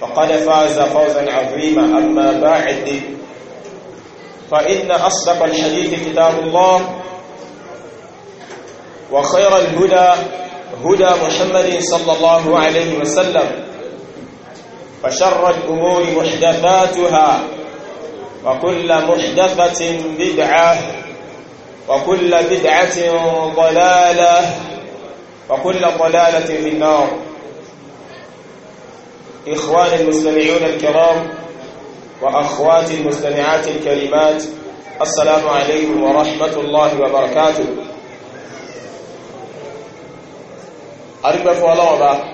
فقد فاز فوزا عظيما أما بعد فإن أصدق الحديث كتاب الله وخير الهدى هدى محمد صلى الله عليه وسلم فشر الأمور محدثاتها وكل محدثة بدعة وكل بدعة ضلالة وكل ضلالة في النار إخوان المستمعون الكرام وأخوات المستمعات الكريمات السلام عليكم ورحمة الله وبركاته أقول فوالله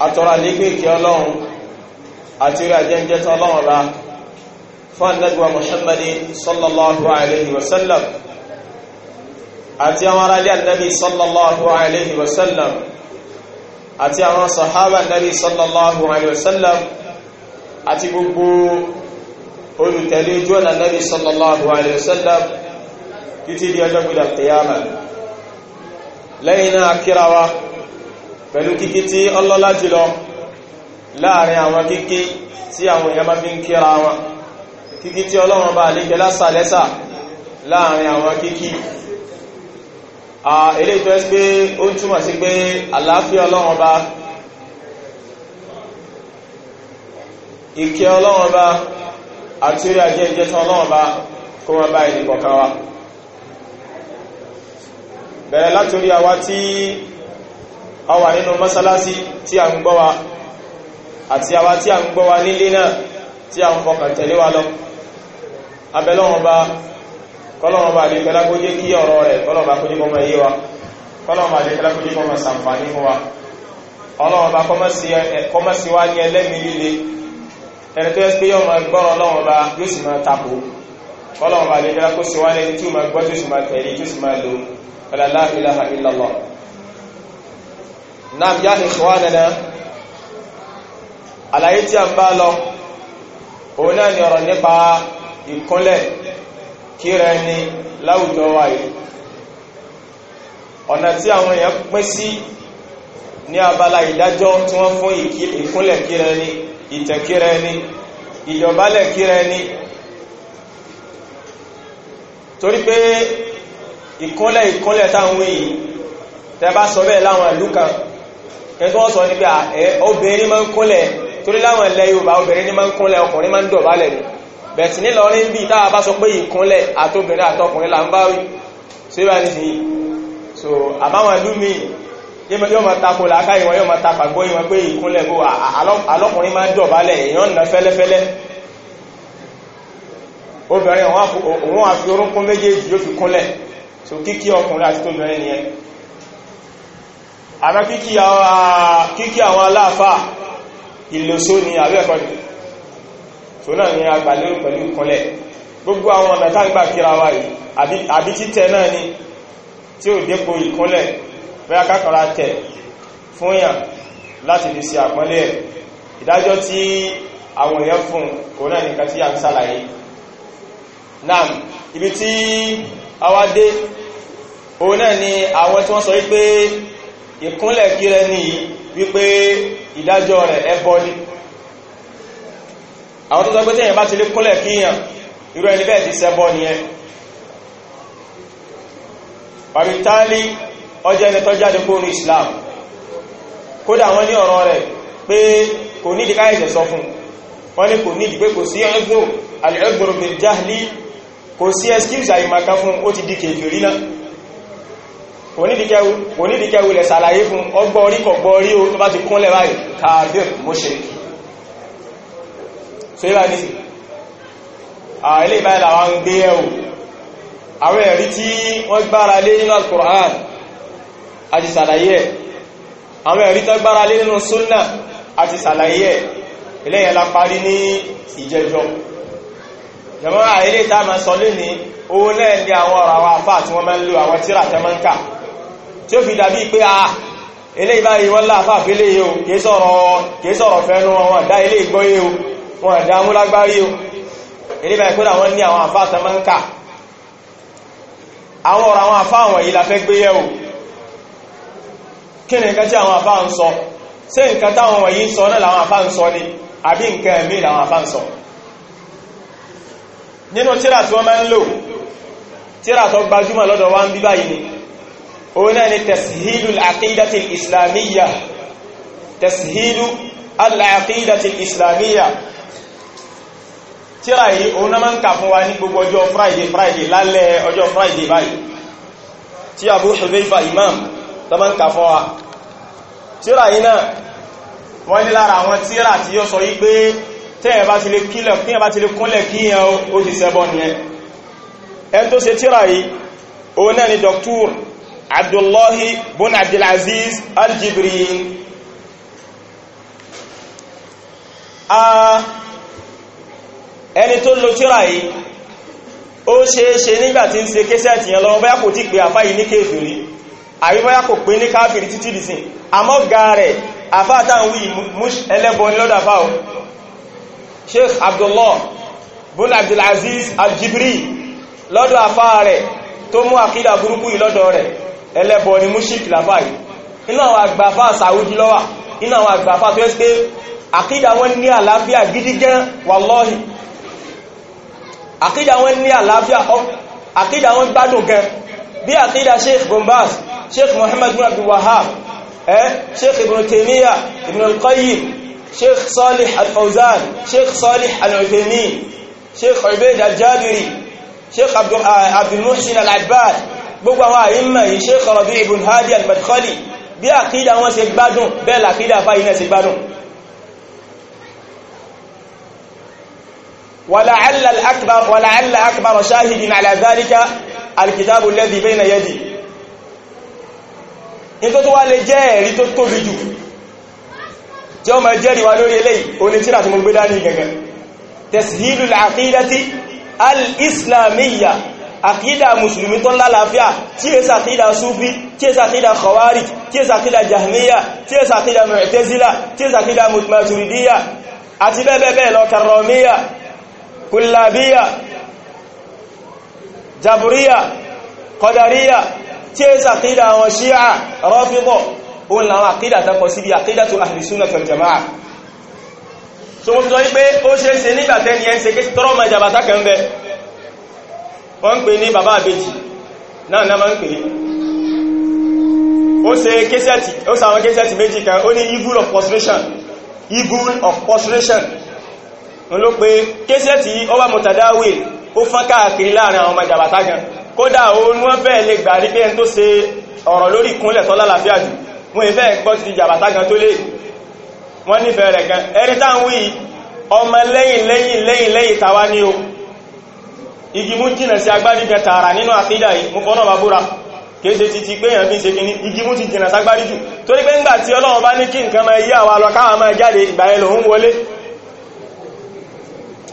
أترى لك يا الله أترى جنجة الله فالنجوى محمد صلى الله عليه وسلم أتي أمر النبي صلى الله عليه وسلم àti àwọn sàhábà nàbí sallallahu alayhi wa sallam àti gbogbo olùtẹ̀lé ojú ọ̀nà nàbí sallallahu alayhi wa sallam títí di ọjọ́ gbọ́dọ̀ tẹ̀yàmà lẹ́yìn náà kíra wa pẹ̀lú kíkí tí ọlọ́lá jùlọ láàrin àwọn kíkí tí àwọn èèyàn máa fi ń kíra wọn kíkí tí ọlọ́wọ́n bá lè gẹ́lá sàlẹ́sà láàrin àwọn kíkí ilé ìtọ́ ẹ́ pé ó ń túmọ̀ sí pé àlàáfíà ọlọ́run ọba ìkẹ́ ọlọ́run ọba àti orí ajé ìjẹ́ tán ọlọ́run ọba kó wọ́n bá ẹni kọ̀ọ̀kan wa bẹ̀rẹ̀ látorí àwa tí a wà nínú mọ́sálásí tí a ń gbọ́ wa àti àwa tí a ń gbọ́ wa nílé náà tí a ń fọkàn tẹ̀lé wa lọ abẹ́lọ́run ọba kọ́lọ́wọ́n bá lè pẹ́lá kó jẹ́ kí ọ̀rọ̀ rẹ̀ kọ́lọ́wọ́n bá kó jẹ́ kọ́mọ yé wa kọ́lọ́wọ́n bá lè pẹ́lá kó jẹ́ kọ́mọ sàǹfààní fún wa ọlọ́wọ́n bá kọ́mọ sí wá ní ẹlẹ́mìí líle ẹni tó yẹ pé yọ máa gbọ́rọ̀ ọlọ́wọ́n bá yóò sì máa tako kọ́lọ́wọ́n bá lè pẹ́lá kó sí wá lẹ́ni tí ó máa gbọ́ tó sì máa tẹ̀lé tó sì máa lo ọ̀là kíra ẹni láwùjọ wa yìí ọ̀nà tí àwọn èèyàn pín sí ní abala ìdájọ́ tí wọ́n fún ìkúnlẹ̀ kíra ẹni ìtẹ̀kíra ẹni ìjọbalẹ̀ kíra ẹni torí pé ìkúnlẹ̀ ìkúnlẹ̀ táwọn èyí tẹ bá sọ bẹ́ẹ̀ láwọn ìlú kan ẹgbẹ́ wọ́n sọ ní pé obìnrin máa ń kúnlẹ̀ torí láwọn ilẹ̀ Yorùbá obìnrin ní ń kúnlẹ̀ ọkùnrin máa ń dọ̀bálẹ̀ ni bẹ̀tì nílọrin bí táà bá sọ pé ìkúnlẹ̀ àtobìnrin àtọkùnrin là ń bá wí sí ní sí so àbáwọn ìlú mi yóò máa tako làákà ìwọ̀n yóò máa tako àgbọ́ ìwọ̀n pé ìkúnlẹ̀ bó alọ́kùnrin máa dọ̀bálẹ̀ èèyàn nà fẹ́lẹ́fẹ́lẹ́ obìnrin òun àfi orúnkún méjèèjì yóò fi kúnlẹ̀ so kíkí ọkùnrin àti tóbìnrin nìyẹn àmọ́ kíkí àwọn aláàfà ìlòsó ni àbẹ́ẹ̀kọ́ tó náà ni agbàlérò pẹ̀lú ìkúnlẹ̀ gbogbo àwọn ọ̀nà tá ń gbà kíra wa yìí àbí títẹ̀ náà ni tí ò dépò ìkúnlẹ̀ bẹ́ẹ̀ akákanra tẹ̀ fún yàn láti fi ṣe àpọ́nlé ẹ̀ ìdájọ́ tí àwọn èèyàn fún òun náà nìkan tí a ń sàlàyé náà ibi tí a wá dé òun náà ni àwọn tí wọ́n sọ wípé ìkúnlẹ̀ kí ní wípé ìdájọ́ rẹ̀ ẹbọ ni àwọn tó sọ pé tẹ́yìn bá ti lé kúnlẹ̀ kíyàn irú ẹni bẹ́ẹ̀ ti ṣẹbọ nìyẹn pàmìtálì ọjọ́ ẹni tó jáde kóòrò Islam kódà wọ́n ní ọ̀rọ̀ rẹ̀ pé kò nídi káyẹ̀sẹ̀ sọ fún wọ́n ní kò nídi pé kò sí ẹgbò alẹ́gbòrò bèjáhìlì kò sí excuse àyíkà fún ó ti di kèfèrí náà onídìkẹ́wù lẹ̀ sàlàyé fún ọgbọ́ orí kọ̀gbọ́ orí o tó bá ti kúnlẹ̀ báyìí kààbẹ̀ mọ́ṣẹ̀kì ṣe bá ní ààrẹ ìbáyìí làwọn ń gbé ẹ̀wò àwọn ẹ̀rí tí wọ́n gbára lé nínú al-Qur'an àti sàlàyé ẹ̀ àwọn ẹ̀rí tó gbára lé nínú súnnà àti sàlàyé ẹ̀ eléyìn la parí ní ìjẹjọ jẹmọ́ ààrẹ tá ma sọ lé ní owó náà ní àwọn ọ̀rọ̀ àwọn afá tí wọ́n máa ń lo àwọn tíra tẹ́ máa ń kà tí ó fi dàbí pé a eléyìí láàfáà fi léyìí o kìí sọ̀rọ̀ fẹ́nu wọn dá eléyìí gbọ́yìí o wọn àdámú lágbárí o eré báyìí kódà wọ́n ní àwọn àfá àtàmọ́ǹkà àwọn ọ̀rọ̀ àwọn àfá àwọn la fẹ́ gbé yẹ̀wò kí ni nǹkan tí àwọn àfá ń sọ ṣé nǹkan táwọn wọ̀nyí ń sọ náà làwọn àfá ń sọ ni àbí nǹkan ẹ̀mí làwọn àfá ń sọ nínú tíra tí wọ́n ń lò tíra wa ń bí báyìí ni òun náà ni tẹ̀síhìlù tẹ̀síhìlù tíra yìí òun náà máa ń kà fún wa ní gbogbo ọjọ́ friday friday lálẹ́ ọjọ́ friday báyìí tí Abu Hudhayfa imam tó máa ń kà fún wa tíra yìí náà wọ́n ní lára àwọn tíra tí yóò sọ wípé tẹ́ẹ̀ bá ti lè kílẹ̀ kíyàn Abdullahi bin Abdulaziz al-Jibrin ah, ẹni tó lo tíra yìí ó ṣeéṣe nígbà tí ń ṣe késẹ̀tì yẹn lọ́wọ́ báyá kò tí pé àfá yìí ní kéfìrí àbí báyá kò pé ní káfìrí títí dì sín àmọ́ ga rẹ̀ àfá táwọn ẹlẹ́bọ ní lọ́dà fáwọn Sheikh Abdullah bin Abdulaziz Al-Jibri lọ́dọ̀ àfá rẹ̀ tó mú àkídà burúkú yìí lọ́dọ̀ rẹ̀ ẹlẹ́bọ ni àwọn àgbàfà tó ẹ́ pé àkídà wọn ní àlàáfíà gidi gan wallahi àkídà wọn ní àlàáfíà àkídà wọn gbádùn kẹ bí àkídà sheikh bombas sheikh mohammed bin abdul wahab eh sheikh ibn taymiyyah ibn al-qayyim sheikh salih al-fawzan sheikh salih al-uthaymin sheikh ubayd al-jabiri sheikh abdul ah, muhsin al-abbad gbogbo àwọn àyíma yìí sheikh rabi ibn hadi al-madkhali bí àkídà wọn ṣe gbádùn bẹ́ẹ̀ làkídà fáyínà ṣe gbádùn ولعل الأكبر ولعل أكبر شاهد على ذلك الكتاب الذي بين يدي in tó tó wá lè jẹ́ ẹ̀rí tó tóbi jù tí ó ma jẹ́rì wá lórí eléyìí oní tíra tí mo gbé dání gẹ̀gẹ̀ tẹ̀sílù àkídàtí al-islamiyya àkídà musulmi tó lálàáfíà tí è sàkídà súfí tí è sàkídà khawari tí è sàkídà jahmiya tí è sàkídà mu'tazila tí è sàkídà maturidiyya àti bẹ́ẹ̀ bẹ́ẹ̀ lọ karramiyya kùlàbíyà jàbúríyà kọ̀dàríyà tí é sàkídà àwọn ṣíà rọ́fíbọ̀ òun làwọn àkídà tẹ́kọ̀ síbi àkídà tó àhìsúnà fẹ̀lẹ̀jẹ̀máà so mo sọ wípé ó ṣe é ṣe nígbàtẹ́ ni ẹ ń ṣe kí tọ́rọ ọmọ ìjàbàtà kẹ́ ń bẹ wọ́n evil of prostration ń ló pé kéṣẹ́ tí ó wà mọ̀tàdáwì ó fán káàkiri láàrin àwọn kódà ó wọ́n fẹ́ lè gbà rí pé ẹni tó ṣe ọ̀rọ̀ lórí ìkúnlẹ̀ tọ́lá làfíà jù wọ́n ìfẹ́ gbọ́ ti ìjàbàtà gan tó lè mú mú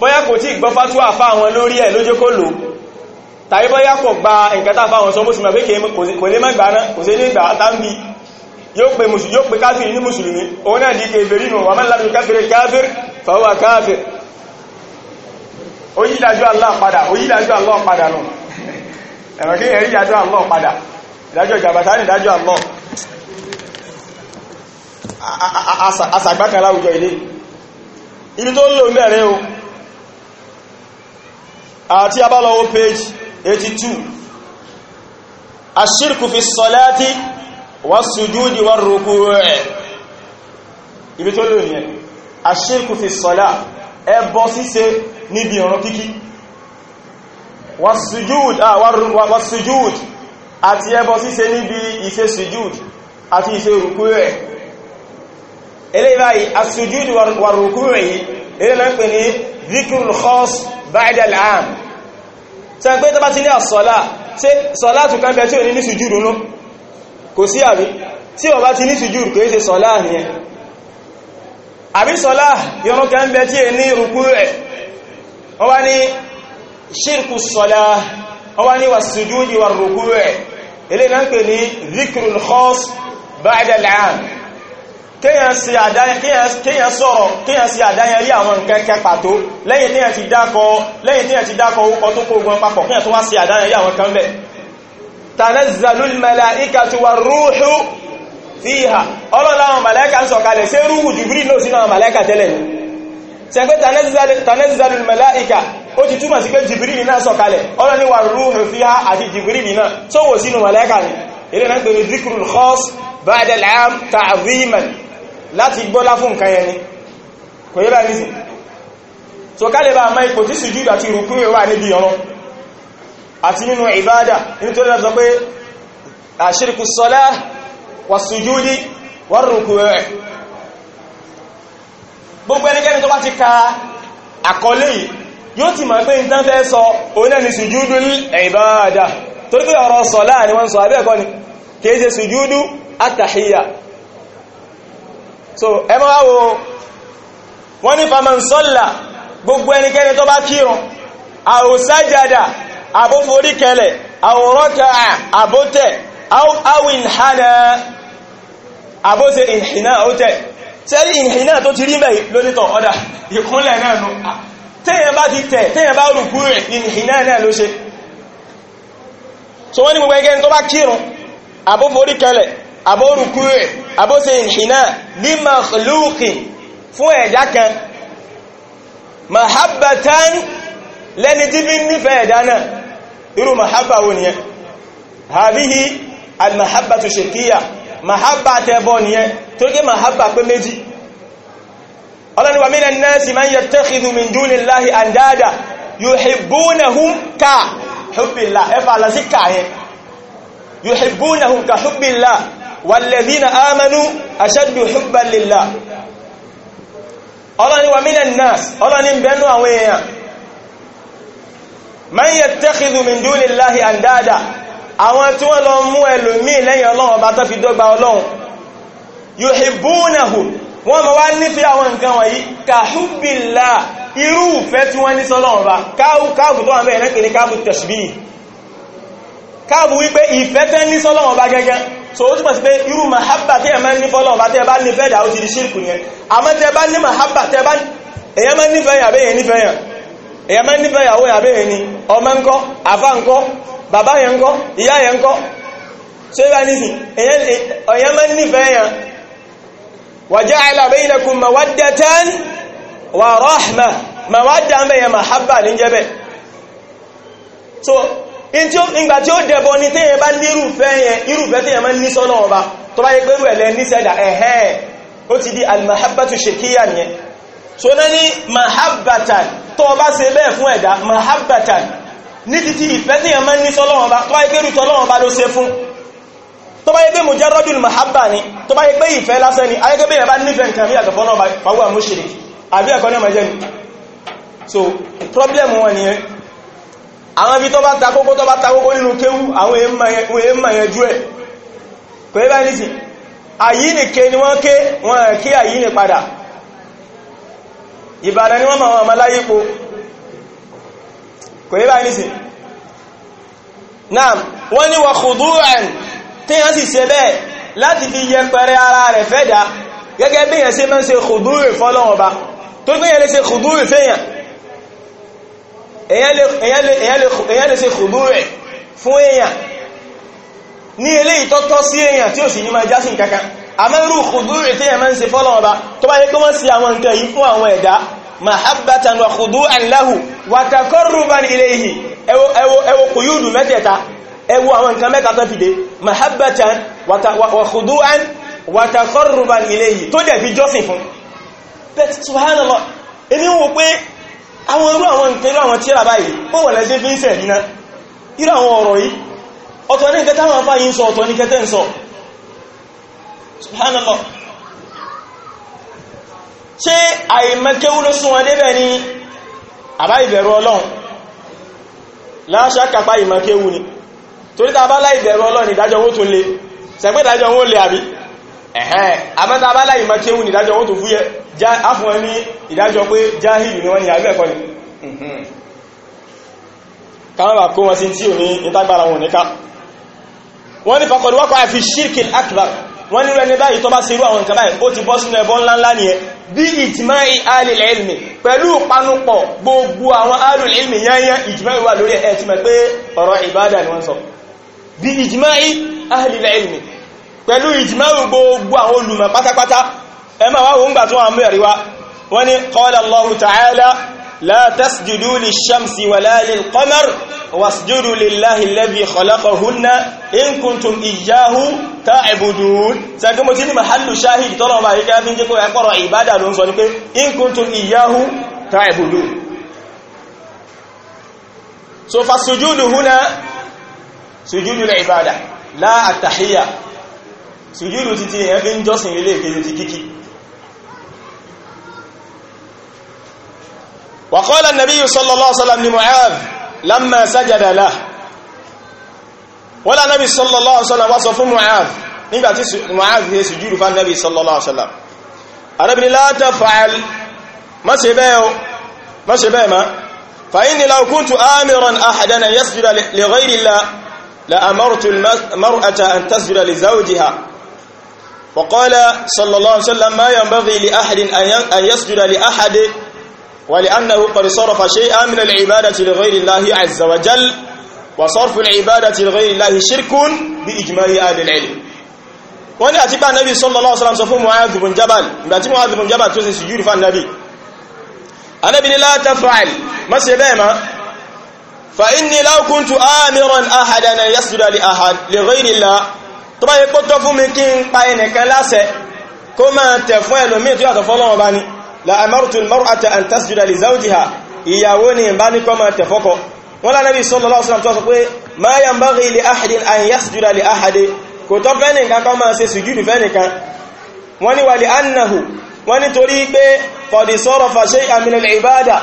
bóyá kò tí gbọ́ fátúwà fá àwọn lórí ẹ̀ lójó kó lò tàbí bóyá kò gba nǹkan tàfà àwọn sọmọ́sí ma pé kò lè mẹ́gbà náà kò sí ní ìgbà tàbí yóò pe mùsùlùmí yóò pe káfìrí ní mùsùlùmí òun náà di kèfèrí nù wọ́n lábí káfìrí káfìrí fàwọ́ káfìrí oyídájú Allah padà oyídájú Allah padà nù ẹ̀rọ kí ẹ̀rí ìdájọ́ Allah padà ìdájọ́ ìjàbàtà ní ìdájọ́ Allah asàgbákan láwùjọ ilé ibi tó ń lò mẹ́rin o àti uh, abálọ́wọ́ page 82 ashirku fi salati wa sujudi wa ruku rẹ̀ ibi tó lè yẹn ashirku fi salati ẹbọ ṣíṣe níbi ọ̀rọ̀ kíkí wa sujud ah, wa sujud àti ẹbọ ṣíṣe níbi ìṣe sujud àti ìṣe rùkú rẹ̀ eléyìí báyìí asujud wa rùkú rẹ̀ yìí eléyìí lẹ́pẹ̀ ní dhikrul khas báyìdà láàm tí a ń pé tó bá ti ní àsọ́lá tí sọ́lá tún kan fẹ́ tí ò ní ní sùjúrù nú kò sí àbí tí ó bá ti ní sùjúrù kò ṣe sọ́lá nìyẹn àbí sọ́lá yọrún kan fẹ́ tí è ní rùkú rẹ̀ wọ́n wá ní ṣírkù sọ́lá kíyàn sọ̀rọ̀ kíyàn sí àdáyẹrí àwọn nǹkan kẹ pàtó lẹ́yìn tíyàn ti dákọ lẹ́yìn tíyàn ti dákọ orúkọ tó kó ogun papọ̀ kíyàn tó wá sí àdáyẹrí àwọn kan bẹ̀ tanazzalul malaikatu warruhu fiha ọlọ́láwọn mẹ́láíkà ń sọ̀kalẹ̀ sí rúhù jùbírí ló sínú àwọn mẹ́láíkà tẹ́lẹ̀ ní sẹ́gbẹ́ tanazzalul malaika ó ti túmọ̀ sí pé jùbírí náà sọ̀kalẹ̀ ọlọ́ni warruhu fiha àti jùbírí náà tó wò sínú mẹ́láíkà ní ilé náà láti gbọ́lá fún nǹkan yẹn ni kò yẹ́ báyìí sí so ká lè bá àmá ipò tí sùjú àti ìrùkú wà níbi ọ̀rọ̀ àti nínú ìbádà nítorí lọ́sọ pé àṣírkù sọ́lá wà sùjúdí wà rùkú rẹ̀ gbogbo ẹnikẹ́ni tó bá ti ka àkọlé yìí yóò ti máa pé ìtàn fẹ́ sọ oná ni sùjúdú ìbádà torí pé ọ̀rọ̀ sọ́lá ni wọ́n sọ abẹ́ẹ̀kọ́ ni kìí ṣe sùjúdú àtàhíyà so ẹ máa wo wọ́n ní faman salla gbogbo ẹnikẹ́ni tó bá kírun aw sajada àbóforí kẹlẹ̀ aw raka'a àbótẹ̀ awin hana àbóse ìhìnà àótẹ̀ sẹ́rí ìhìnà tó ti rí mẹ́ lónítọ̀ ọ̀dá ìkúnlẹ̀ náà nù ah, tẹ́yẹn bá ti tẹ̀ tẹ́yẹn bá rùkú rẹ̀ ìhìnà náà ló ṣe so wọ́n ní gbogbo ẹnikẹ́ni tó bá kírun àbóforí kẹlẹ̀ abórukú rẹ̀ abóse ìhìnà ní makhluki fún ẹ̀dá kan mahabbatan lẹ́ni tí bí nífẹ̀ẹ́ ẹ̀dá náà irú mahabba wo nìyẹn hàbíhí almahabbatu shirkiya mahabba tẹ́bọ́ nìyẹn tó gé mahabba pé méjì ọlọ́ni wa minan nasi yuhibbunahum ka hubbillah والذين آمنوا أشد حبا لله ọlọ́ni wa mílẹ̀ náà ọlọ́ni bẹnu àwọn èèyàn man yattakhidhu min dunillahi andada àwọn tí wọ́n lọ mú ẹlòmíì lẹ́yìn ọlọ́run ọba tó fi dọ́gba ọlọ́run yuhibbunahu wọ́n ma wá nífẹ́ àwọn nǹkan wọ̀nyí ka hubbillah irú ìfẹ́ tí wọ́n ní sọ́lọ́run ọba káàbù tó wà mẹ́rin kìí káàbù tashbih káàbù wípé ìfẹ́ tẹ́ ní sọ́lọ́run ọba gẹ́gẹ́ so ó túnmọ̀ sí pé irú mahabba tí ẹ máa ń ní fọ́lọ́run bá tẹ́ bá nífẹ̀ẹ́ dà ó ti di ṣírkù yẹn àmọ́ tẹ́ bá ní mahabba tẹ́ bá èyàn máa nífẹ̀ẹ́ yàbẹ́ yẹn nífẹ̀ẹ́ yàn èyàn máa nífẹ̀ẹ́ yàwó yàbẹ́ yẹn ni ọmọ ńkọ́ àfá ńkọ́ bàbá yẹn ńkọ́ ìyá yẹn ńkọ́ so ìbá nífi èyàn máa nífẹ̀ẹ́ yàn wa ja'ala baynakum mawaddatan wa rahma mawadda ń bẹ̀yẹn mahabba ní jẹ́bẹ̀ so ìgbà tí ó dẹ̀bọ̀ ni téèyàn bá ní irúfẹ́ yẹn irúfẹ́ téèyàn máa ní sọ́nà ọba tó bá yẹ pé rú ẹ̀lẹ́ ní sẹ́dà ẹ̀hẹ́n ó ti di almahabbatu shekiya nìyẹn so náà ní mahabbatan tó bá ṣe bẹ́ẹ̀ fún ẹ̀dá mahabbatan ní títí ìfẹ́ téèyàn máa ní sọ́nà ọba tó bá yẹ ni tó bá yẹ pé ìfẹ́ lásán ni ayẹ́kẹ́ bẹ́ẹ̀ bá so problem àwọn ibi tó bá ta kókó tó bá ta nínú kéwú àwọn èèmà yẹnjú ẹ̀ kò ẹ bá ní sí àyínìké ni wọ́n ké wọ́n kí àyínì padà Ìbàdàn ni wọ́n ma wọn maláyípo kò ẹ bá ní sí náà wọ́n ní wà kùdúràn tí yẹn sì ṣe bẹ́ẹ̀ láti fi yẹpẹrẹ ara rẹ̀ fẹ́ dá gẹ́gẹ́ bí yẹn èyàn lè ṣe kòlú rẹ̀ fún èyàn ní ilé ìtọ́tọ́ sí èyàn tí ó sì ní máa jásí nǹkankan àmẹ́rù kòlú rẹ̀ tí èyàn ṣe fọ́lọ̀ ọba tó bá yẹ kí wọ́n sí àwọn nǹkan yìí fún àwọn ẹ̀dá mahabbatan wa khudu'an lahu wa taqarruban ilayhi ẹwọ ẹwọ ẹwọ kòyúdù mẹ́tẹ̀ẹ̀ta ẹwọ àwọn nǹkan mẹ́ta tó fìdé mahabbatan wa khudu'an wa taqarruban ilayhi tó dẹ̀ fi jọ́sìn fún àwọn irú àwọn nǹkan irú àwọn tíra báyìí pọ̀ wọ̀lẹ̀ sí fi ń sẹ̀ nínú irú àwọn ọ̀rọ̀ yìí ọ̀tọ̀ ní kẹta àwọn afáyí ń sọ ọ̀tọ̀ ní kẹta ń sọ subhanallah ṣe àìmẹ́kéwú ló sún wọn débẹ̀ ní àbá ìbẹ̀rù ọlọ́run láṣá ni torí ta bá láìbẹ̀rù ọlọ́run le sẹ̀pẹ́ ẹ̀hẹ́n abẹ́ta abálá ìmọ̀kéwù ní ìdájọ́ wọ́n tó fúyẹ́ áfún ẹni ìdájọ́ pé jahiri, ni wọ́n ni àgbẹ̀ ẹ̀kọ́ ni kánàbà kó wọn sí tí ò ní ìtagbára wọn níká wọ́n ní fakọ̀dù wọ́kọ̀ àfi shirkil akbar wọ́n ní rẹ̀ ní báyìí tó bá ṣe irú àwọn nǹkan báyìí ó ti bọ́ sínú ẹbọ ńláńlá ni ẹ bí ìtìmá alil ilmi pẹ̀lú panupọ̀ gbogbo àwọn alil ilmi yányán ìjìmá ìwà lórí ẹ̀ ti mẹ́ pé ọ̀rọ̀ ìbádà ni wọ́n sọ bí ìtìmá alil ilmi pẹ̀lú ìjìmáwò gbogbo àwọn olùmọ̀ pátápátá ẹ máa wáwọ́ ńgbà tó àmú ẹ̀ríwá wọ́n ni qala Allahu ta'ala la tasjudu lish-shamsi wala lil-qamar wasjudu lillahi alladhi khalaqahunna in kuntum iyyahu ta'budun sẹ́gbẹ́ mo ti ní mahallu shahid tọ́lọ̀ ìbádà ló sùjúrù títí èyàn fi ń jọ́sìn ilé ìkéjì ti kíkí wa qala an-nabiyyu sallallahu alaihi wasallam li Mu'adh sajada lahu wọ́n lánàbí sọ́lọ́lọ́ alaihi wá sọ fún Mu'adh nígbàtí Mu'adh fi sùjúdù fún nàbí sallallahu alaihi فقال صلى الله عليه وسلم ما ينبغي لأحد أن يسجد لأحد ولأنه قد صرف شيئا من العبادة لغير الله عز وجل وصرف العبادة لغير الله شرك بإجماع آل العلم wọ́n ní àti bá nábi sallallahu alaihi wasallam sọ fún Mu'adh bin Jabal ìgbà tí Mu'adh bin Jabal tó sì sùjúdù fún nábi anábi ni la taf'al má ṣe bẹ́ẹ̀ ma fa inni law kuntu amiran ahadan ahad li ghayri tó bá yẹ kó tọ́ fún mi kí n pa ẹnìkan láṣẹ kó máa tẹ̀ fún ẹlòmíì tó yàtọ̀ fọ́lọ́wọ́ bá ní la amartu al-mar'ata an tasjuda li zawjiha ìyàwó ni ìbá ní kọ́ máa tẹ̀ fọ́kọ wọ́n lá Nabi sallallahu alaihi wasallam tó sọ pé ma yanbaghi li ahadin an yasjuda li ahadin kò tọ́ fẹ́ nìkan kọ́ máa ṣe sùjúdù fẹ́ nìkan wọ́n ní wà lè annahu wọ́n torí pé fọ̀dì sọ́rọ̀ fàṣẹ́ àmìnà ìbádà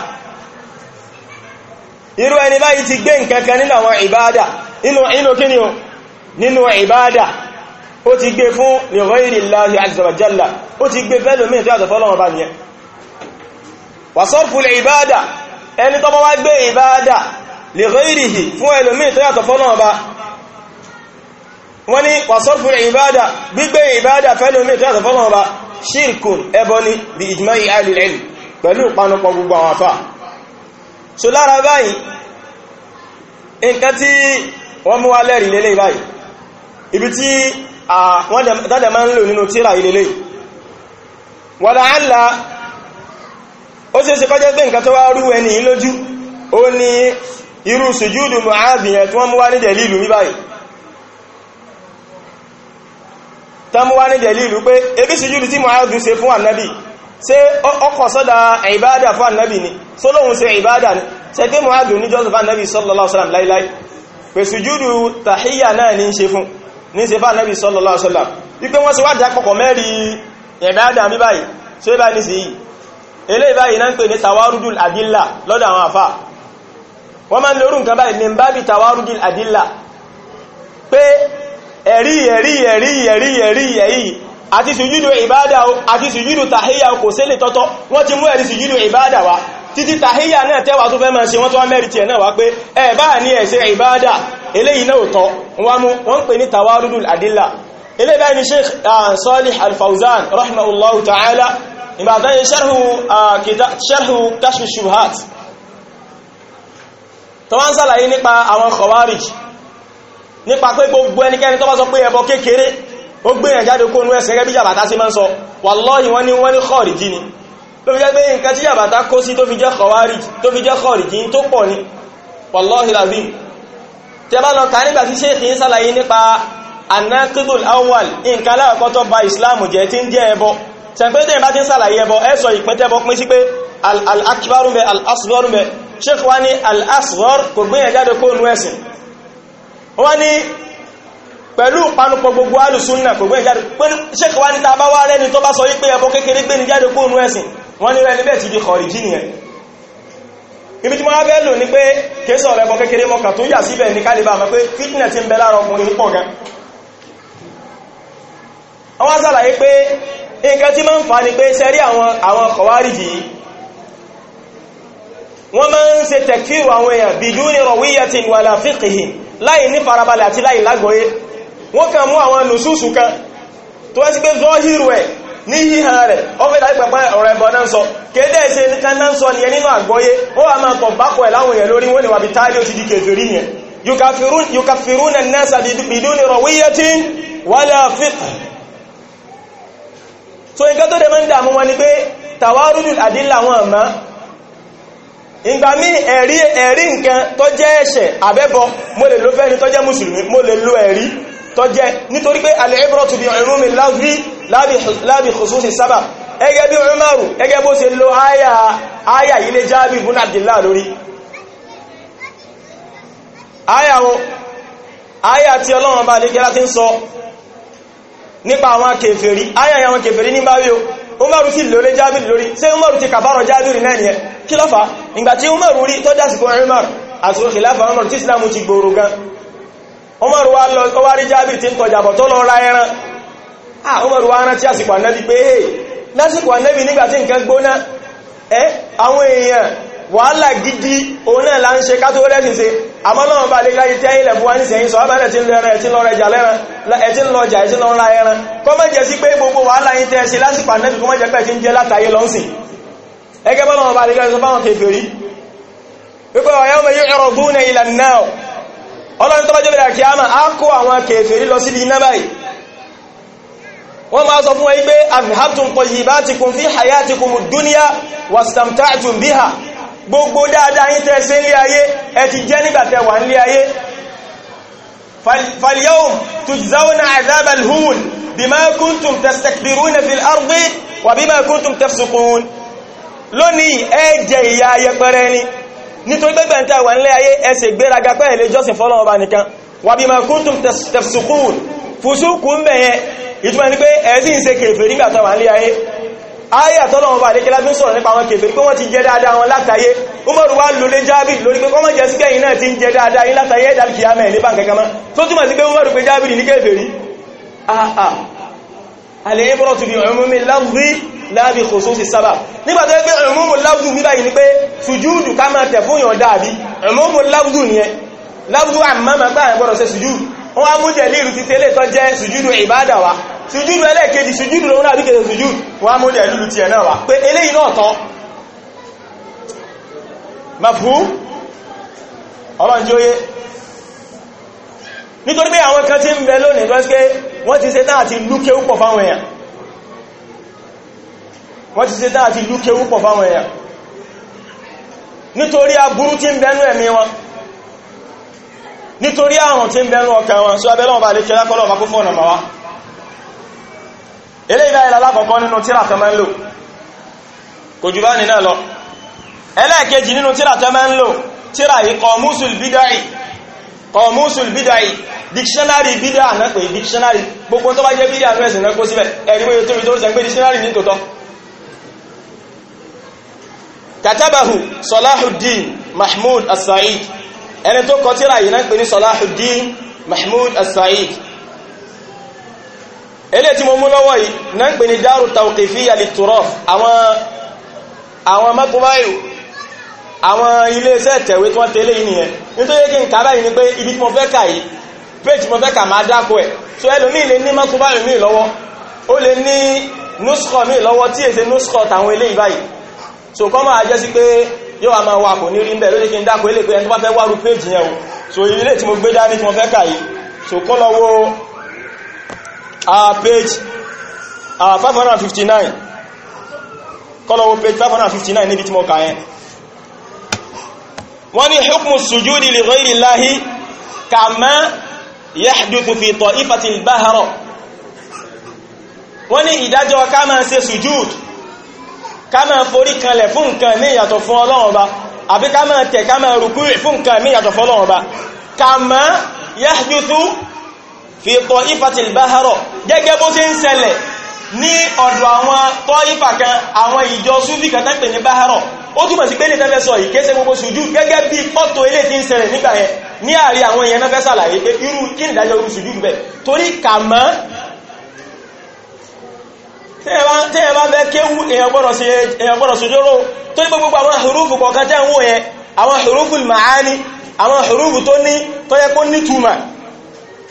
irú ẹni báyìí ti gbé nǹkankan nínú àwọn ìbádà nínú kí ni o nínú ìbádà ó ti gbé fún lèwọ́ìrìláhì àjẹ̀wàjẹ́lá ó ti gbé fẹ́lòmín tó àtọ̀fọ́ lọ́wọ́ bá ní ẹ wàsọ́fúlẹ̀ ìbáadà ẹni tó bá wá gbé ìbáadà lèwọ́ìrìhì fún ẹlòmín tó àtọ̀fọ́ lọ́wọ́ bá wọ́n ni wàsọ́fúlẹ̀ ìbáadà gbígbé ìbáadà fẹ́lòmín tó àtọ̀fọ́ lọ́wọ́ bá ṣírkùn ẹbọ ni bí ìjìmá ahli ilm ibi tí dáadáa máa ń lò nínú tíra ilélé wàdá àlá ó sì ṣe kọjẹ́ pé nǹkan tó wá rú ẹni lójú ó ní irú sùjúdù mọ̀hábìyàn tí wọ́n mú wá ní dẹ̀lìlù ní báyìí tán mú wá ní dẹ̀lìlù pé ebí sùjúdù tí mọ̀hábì ṣe fún ànábì ṣe ọkọ̀ sọ́dá ìbádà fún ànábì ni sólóhun ṣe ìbádà ni ṣe pé mọ̀hábì ní jọ́sùn fún ànábì sallallahu alaihi wasallam láíláí pé sùjúdù tàhíyà náà ní ṣe fún ní ṣe fà nẹ́bí sallallahu alaihi wasallam wípé wọ́n ṣe wá dápọ̀kọ̀ mẹ́rin ẹ̀dáadà ní báyìí ṣe báyìí ní sí yìí eléyìí báyìí náà ń pè ní tawarudul adilla lọ́dọ̀ àwọn àfà wọ́n máa ń lórú nǹkan báyìí min babi tawarudul adilla pé ẹ̀rí ẹ̀rí ẹ̀rí ẹ̀rí ẹ̀rí ẹ̀yí àti títí tàhíyà náà tẹ́wàá tó fẹ́ máa ṣe wọ́n tó wá mẹ́rìtì ẹ̀ náà wá pé ẹ bá ní ẹ̀ ṣe ìbáadà eléyìí náà tọ́ wọ́n pè ní tawarudul adilla eléyìí báyìí ni Sheikh Salih Al-Fawzan rahimahullahu ta'ala ìbàtàyẹ sharhu kashf shubhat tó wá ń sàlàyé nípa ni ló fi jẹ́ pé nǹkan tí yàbàtà kó sí tó fi jẹ́ kọ̀wárì tó fi jẹ́ kọ̀rì kí tó pọ̀ ní wallahi lazim tẹ bá lọ kàá nígbà tí ṣéèkì ń sàlàyé nípa anakidul awwal nǹkan aláwọ̀kọ́ tó ba ìsìláàmù jẹ́ tí ń jẹ́ ẹbọ tẹ̀pẹ́tẹ̀ bá ti ń sàlàyé ẹbọ ẹ sọ ìpẹ́tẹ́bọ pín sí pé al-akbaru bẹ al-asghar bẹ ṣéèkì pẹ̀lú ìpanupọ̀ gbogbo alùsùn náà kò gbìyànjú jáde ṣéèkì wá ní ta bá tó bá sọ wípé ẹbọ kékeré gbé ní jáde kó ẹ̀sìn wọ́n ní rẹ̀ ti di kọ̀rìjí nìyẹn ibi tí wọ́n bẹ́ lò ní pé kéṣọ̀ rẹ̀ bọ́ kékeré mọ́kà tó yà síbẹ̀ ní kálíbà mọ́ pé fitna ti ń bẹ lára ọkùnrin pọ̀ gan àwọn sàlàyé pé nǹkan tí máa ń fa ni pé sẹ́rí àwọn kọ̀wárìjì wọ́n máa ń ṣe tẹ̀kíru àwọn èèyàn biduni rawiyatin wala fiqhin láì ní farabalẹ̀ àti láì lágbọ́yé wọ́n kàn mú àwọn nùsùsù kan tó nihi ha rẹ̀ ó fẹ́ láti pẹ̀pẹ́ náà sọ kéde ṣe nǹkan náà sọ o nínú àgbọ́yé ó wà máa kàn bákọ̀ ẹ̀ láwọn èèyàn lórí wọn ni wà bí táàdì ti di kèfèrí nìyẹn yukafiruna an so nǹkan tó dẹ̀ máa ń dààmú wọn ni pé tawarudul adilla wọn àmá ìgbà mí ẹ̀rí ẹ̀rí nǹkan tó jẹ́ ẹ̀ṣẹ̀ mo lè lo tó jẹ́ nítorí pé al-ibratu bi umumi al-lafzi la bi khususi sabab ẹgẹ́ bí Umaru ẹgẹ́ bó ṣe lo áyà ilé Jabir ibn Abdillah lórí áyà tí Ọlọ́run bá lè gẹ́lá ti ń sọ nípa àwọn kèfèrí áyà ya kèfèrí ní báwí o Umaru ti lò lé Jabir lórí ṣé Umaru ti kàbárọ̀ Jabir náà nìyẹn kí ló fà ìgbà tí Umaru rí tó dásìkò Umar àti khilafa Umar tí Islam ti gbòòrò gan Umar wá lọ ó wá rí Jábìrì tí ń tọjà bọ̀ tó lọ ra ẹran ah Umar wá rántí àsìkò ànẹ́bí pé hey lásìkò ànẹ́bí nígbà tí nǹkan gbóná ẹ́ àwọn èèyàn wàhálà gidi òun náà la ń ṣe kátó rẹ́sìn ṣe àmọ́ náà bá lè láyé tẹ́yìn lẹ̀ buwá nísẹ̀yìn sọ àbẹ́rẹ̀ tí ń lọ ẹran ẹ̀tí ń lọ ẹja lẹ́ran ẹ̀tí ń lọ ọlọ́run tó bá jẹ́ bẹ̀rẹ̀ kíyámà á kó àwọn kèfèrí lọ síbi iná báyìí wọ́n máa sọ fún wọn pé azhabtum tayyibatikum fi hayatikum ad-dunya wastamta'tum biha gbogbo dáadáa yín tẹ́ ṣe nílé ayé ẹ ti jẹ nígbà tẹ́ wà nílé ayé falyawm tujzawna 'adhabal hun bima kuntum tastakbiruna fil ardi wa bima kuntum tafsuqun lónìí ẹ jẹ ìyà yẹpẹrẹ ni nítorí pé bẹ̀ntẹ́ àwọn ilé ayé ẹsẹ̀ gbéraga pẹ́ ilé jọ́sìn fọ́lọ́wọ́ bá nìkan wà bí máa kúntùm tẹ̀sùkún fùsùkú ń bẹ̀yẹn ìtumọ̀ ní pé ẹ̀sìn ṣe kèfèrí nígbà tó wà nílé ayé ayé àtọ́lọ́wọ́ bá nìkan lábí sọ̀rọ̀ nípa àwọn kèfèrí pé wọ́n ti jẹ dáadáa wọn látàyé umaru wa lò lé jábì lórí pé kọ́mọ̀ jẹ́ síkẹ́ yìí náà ti ń jẹ dáadáa yìí látàyé ẹ̀dàlùkì àmẹ́ ìlébà kankan mọ́ tó túmọ̀ sí pé umaru pé jábì ní kèfèrí àà àlè ìbọ̀rọ̀ tùbí ọmọ mi láwùrí láàbí kòsóòsì sábà nígbà tó pé ẹ̀mọ́mù láwùdù nígbà yìí ni pé sùjúùdù ká máa tẹ̀ fún yàn dáàbí ẹ̀mọ́mù láwùdù nìyẹn láwùdù àmàmà gbà àgbọ̀rọ̀ ṣe sùjúùdù wọ́n á mú dẹ̀lí ìrù ti tẹ́lẹ̀ tó jẹ́ sùjúùdù ìbádà wa sùjúùdù ẹlẹ́ẹ̀kejì sùjúùdù lòun náà bí kèrè sùjúùdù wọ́n á mú dẹ̀lí ìrù ti ẹ̀ náà wa pé eléyìí náà tán mafhum ọlọ́njóyé nítorí pé àwọn kan ti ń bẹ lónìí lọ́sí pé wọ́n ti ṣe táà ti lúkẹ́ púpọ̀ fáwọn èèyàn wọ́n ti ṣe dáa ti lúkẹ́ púpọ̀ fáwọn èèyàn nítorí aburú tí ń bẹnu ẹ̀mí wọn nítorí àrùn tí ń bẹnu ọkàn wọn sọ abẹ́lẹ́ wọn bá lè kẹ́lá kọ́lọ̀ ọmọkú fún ọ̀nà wa ilé ìdá ìlà alákọ̀ọ́kọ́ nínú tíra tẹ́ máa ń lò kò jù bá nínú lọ ẹlẹ́ẹ̀kejì nínú tíra tẹ́ máa ń lò tíra yìí Qamusul Bid'ah Qamusul Bid'ah dictionary bid'ah náà pé dictionary gbogbo tó bá jẹ́ bid'ah náà ẹ̀sìn náà kó síbẹ̀ ẹ̀rí to yóò to tó ń sẹ́ pé dictionary ní tòótọ́ katabahu salahuddin mahmud as-sa'id ẹni tó kọ tírà yìí náà pè ní salahuddin mahmud as-sa'id ilé tí mo mú lọ́wọ́ yìí náà pè ní daru tawqifiyya lit-turaf àwọn àwọn mẹ́kúnmáyò àwọn iléeṣẹ́ tẹ̀wé tí wọ́n tẹ́lé yìí nìyẹn nítorí kí n kàrá yìí ni pé ibi tí mo fẹ́ kà yìí page mo fẹ́ kà máa dákọ̀ ẹ̀ so ẹlòmíì lè ní mẹ́kúnmáyò míì lọ́wọ́ ó lè ní nuskọ̀ míì lọ́wọ́ tí èsè nuskọ̀ tàwọn eléyìí báyìí so kọ́ máa jẹ́ sí pé yóò àmà wà kò ní rí mẹ́ lórí kí n dákò ilé pé ẹni tó bá fẹ́ wárú péjì yẹn o so ilé tí mo gbé dání tí mo fẹ́ kàyí so kọ́ lọ page 559 kọ́ lọ wo page 559 níbi tí mo kà yẹn wọ́n ní hukmu sujudi li ghayri llahi kama yahduthu fi ta'ifatil bahra wọ́n ní ìdájọ́ ká máa ṣe sujúdì ká máa forí kanlẹ̀ fún nǹkan mí ìyàtọ̀ fún ọlọ́run ọba àbí ká máa tẹ̀ ká máa rùkú fún nǹkan mí ìyàtọ̀ fún ọlọ́run ọba kàmá yahduthu fi ta'ifatil bahra gẹ́gẹ́ bó ti ń ṣẹlẹ̀ ní ọ̀dọ̀ àwọn tọ́ífà kan àwọn ìjọ súfì kan tán pè ní bahra ó túnmọ̀ sí pé ní tẹ́fẹ́ sọ ìkéṣe gbogbo sùjú gẹ́gẹ́ bí pọ́tò ilé tí ń ṣẹlẹ̀ nígbà yẹn ní àárí àwọn èèyàn náà fẹ́ sàlàyé pé irú kí nìdájọ́ irú sùjú bẹ̀ torí kàmá tẹ́yẹ bá fẹ́ kéwú èyàn gbọ́dọ̀ sojóró tó ní gbogbo àwọn hurufu kọ̀ọ̀kan tẹ́ wọ́n yẹ àwọn hurufu ma'ani àwọn hurufu tó ní tó nítumà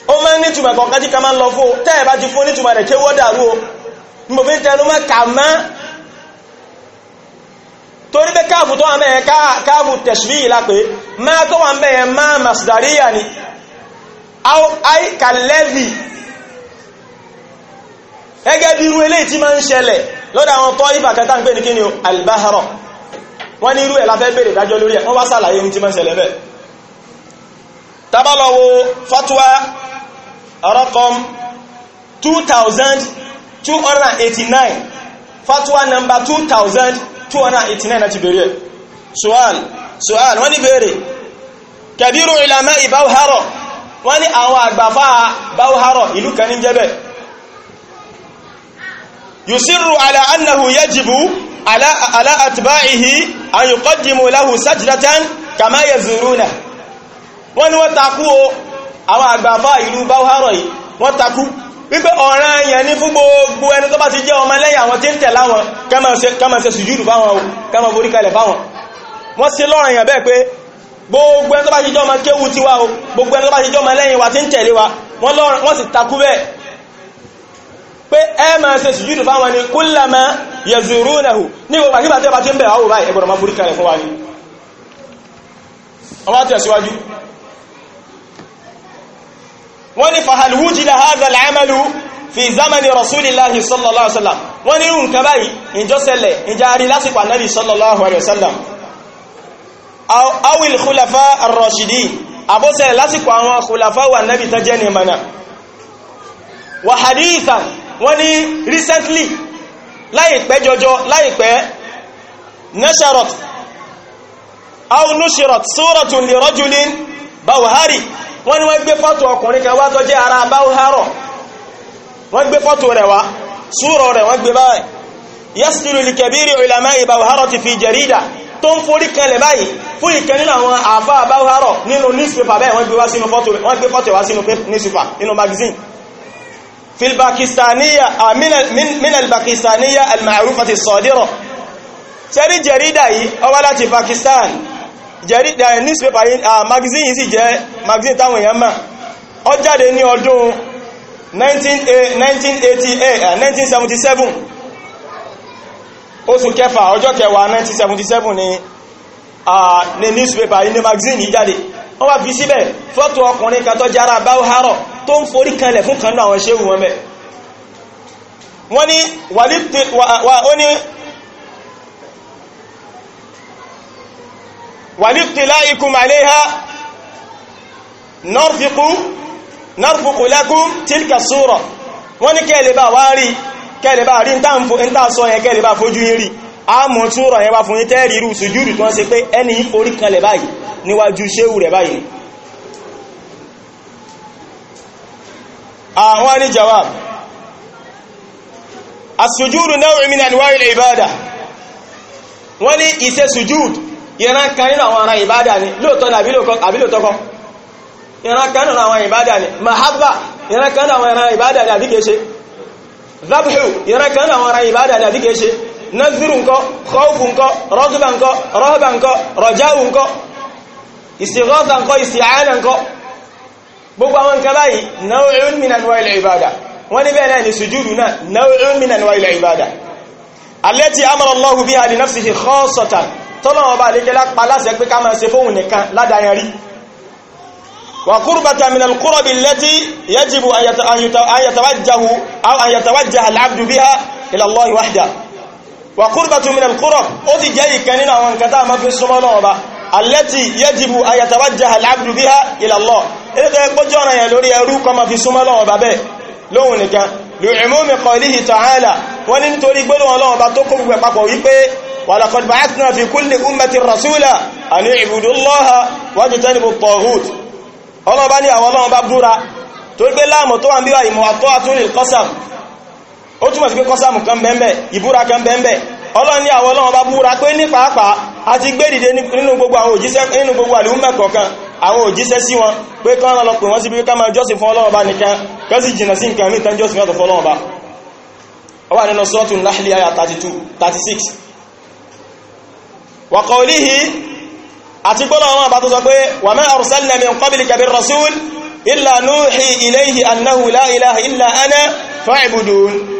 ó mẹ́ nítumà ka máa lọ fó tẹ́yẹ bá ti fó nítumà rẹ̀ kéwọ́ gẹ́gẹ́ bí irú eléyìí tí máa ń ṣẹlẹ̀ lọ́dọ̀ àwọn tọ́ ìbàkẹta ń pè ní kíni albahara wọ́n ní irú ẹ̀ láfẹ́ bèèrè dájọ́ lórí ẹ̀ wọ́n wá sàlàyé ohun tí máa ń ṣẹlẹ̀ bẹ́ẹ̀ tabalọ́wọ́ fatwa rọ́kọm 2289 fatwa nọmba 2289 láti bèèrè ẹ̀ sual sual wọ́n ní bèèrè kẹbírù ìlàmẹ́ ìbáwárọ̀ wọ́n ní àwọn àgbàfà báwárọ̀ ìlú kan ní yusirru ala annahu yajibu ala ala atba'ihi an yuqaddimu lahu sajdatan kama yazuruna wọ́n ní wọ́n takú o àwọn àgbàfà ìlú báwárọ̀ yìí wọ́n takú wípé ọ̀ràn èèyàn ní fún gbogbo ẹni tó bá ti jẹ́ ọmọ lẹ́yìn àwọn tí ń tẹ̀lá wọn kẹ́mà pé ẹ máa ṣe sùjúdù fáwọn ni kullama yazurunahu ní gbogbo àkíbà tí a bá ti ń bẹ̀rẹ̀ àwòrán ẹ gbọ́dọ̀ máa forí kalẹ̀ fún wa ni ọwá tẹ̀síwájú wọ́n ni fahal wujida hadha amalu fi zamani rasulillahi wa hadithan wọ́n ní recently láìpẹ́ jọjọ láìpẹ́ nasharot aw nushirot suratun li rajulin bawhari wọ́n ní wọ́n gbé fọ́tò ọkùnrin kan wá tó jẹ́ ara bawharo wọ́n gbé fọ́tò rẹ̀ wá súrọ̀ rẹ̀ wọ́n gbé báyìí yẹ́sìlú lè kẹbírí ìlàmẹ́ ìbáwárọ̀ ti fi jẹ̀rídà tó ń forí kanlẹ̀ báyìí fún ìkẹ́ nínú àwọn àfá àbáwárọ̀ nínú newspaper bẹ́ẹ̀ wọ́n gbé fọ́tò wá sínú newspaper nínú magazine في الباكستانية من من الباكستانية المعروفة الصادرة sẹ́rí jẹ̀rídà yìí ọwá láti Pakistan jẹ̀rídà eh, newspaper yìí à ah, magazine yìí sì jẹ́ magazine táwọn èèyàn mà ó jáde ní ọdún 1977 eh, eh, oṣù kẹfà ọjọ́ kẹwàá 1977 ni ah, ní newspaper yìí ní magazine yìí jáde wọ́n wá fi síbẹ̀ fọ́tò ọkùnrin kan tó jára báwárọ̀ tó ń forí kanlẹ̀ fún kan náà àwọn ṣéwù wọn bẹ̀ wọ́n ní wàlíptìlá ikùn àléhá nọ́rfikú lẹ́kún tílkà sóòrọ̀ wọ́n ní kẹ́lẹ̀ bá wá rí kẹ́lẹ̀ bá rí ń tà sọ yẹn kẹ́lẹ̀ bá fojú yín rí a mọ̀ túnrọ̀ yẹn wá fún yín tẹ́rì irú sùjúdù tí wọ́n ṣe pé ẹni forí kanlẹ̀ báyìí níwájú ṣéwù rẹ̀ báyìí àwọn ní jawab asùjúdù náà min anwa'i al-ibada wọ́n ní ìṣe sùjúd ìran kan nínú àwọn ará ìbádà ni lóòtọ́ ní àbílòtọ́kọ́ ìran kan nínú àwọn ìbádà ni mahabba ìran kan nínú àwọn ará ìbádà ni àbíkẹ́ṣe zabhu ìran kan nínú àwọn ará ìbádà ni àbíkẹ́ṣe naziru nkọ́ khawfu nkọ́ rọ́gbà nkọ́ gbogbo àwọn nǹkan báyìí nau'un min anwa' al-ibada wọ́n ní bẹ́ẹ̀ náà ni sùjúdù náà nau'un min anwa' al-ibada allati amara Allahu biha li nafsihi khassatan tọ́lọ́wọ́ bá lè kẹ́lá paláṣẹ pé ká máa ṣe fóhun nìkan ládàáyàn wa qurbatan min al-qurabi ó ti jẹ́ ìkan àwọn nǹkan tá súnmọ́ náà bá alẹ́tì yẹ́jìbù ayàtàwájá aláàbùdù bí i ìlàlọ́ ẹ̀tọ́ ẹgbọ́jọ́ ọ̀rọ̀ yẹn lórí ẹrú kọmọ fi súnmọ́ lọ́wọ́ bàbẹ́ lóhun nìkan lùrìmọ́mì qawlihi ta'ala wọ́n ní nítorí gbọ́lọ́wọ́ lọ́wọ́ bá tó kó gbogbo ẹ̀pàpọ̀ wípé walaqad ba'athna fi kulli ummatin rasula an i'budu Allaha wajtanibu at-taghut ọlọ́ọ̀bá ní àwọn ọlọ́wọ́ bá búra torí pé láàmù tó wà ń bíwá ìmọ̀ àtọ́ àtúnlẹ̀ a ti gbé dìde nínú gbogbo àwọn òjíṣẹ́ nínú gbogbo àlúmọ̀ kọ̀ọ̀kan àwọn òjíṣẹ́ sí wọn pé kán lọ pè wọ́n sí bí ká máa jọ́sìn fún Ọlọ́run bá nìkan kán sì jìnà sí nǹkan ní ìtàn jọ́sìn fún Ọlọ́run wà nínú sọ́ọ̀tù Nahl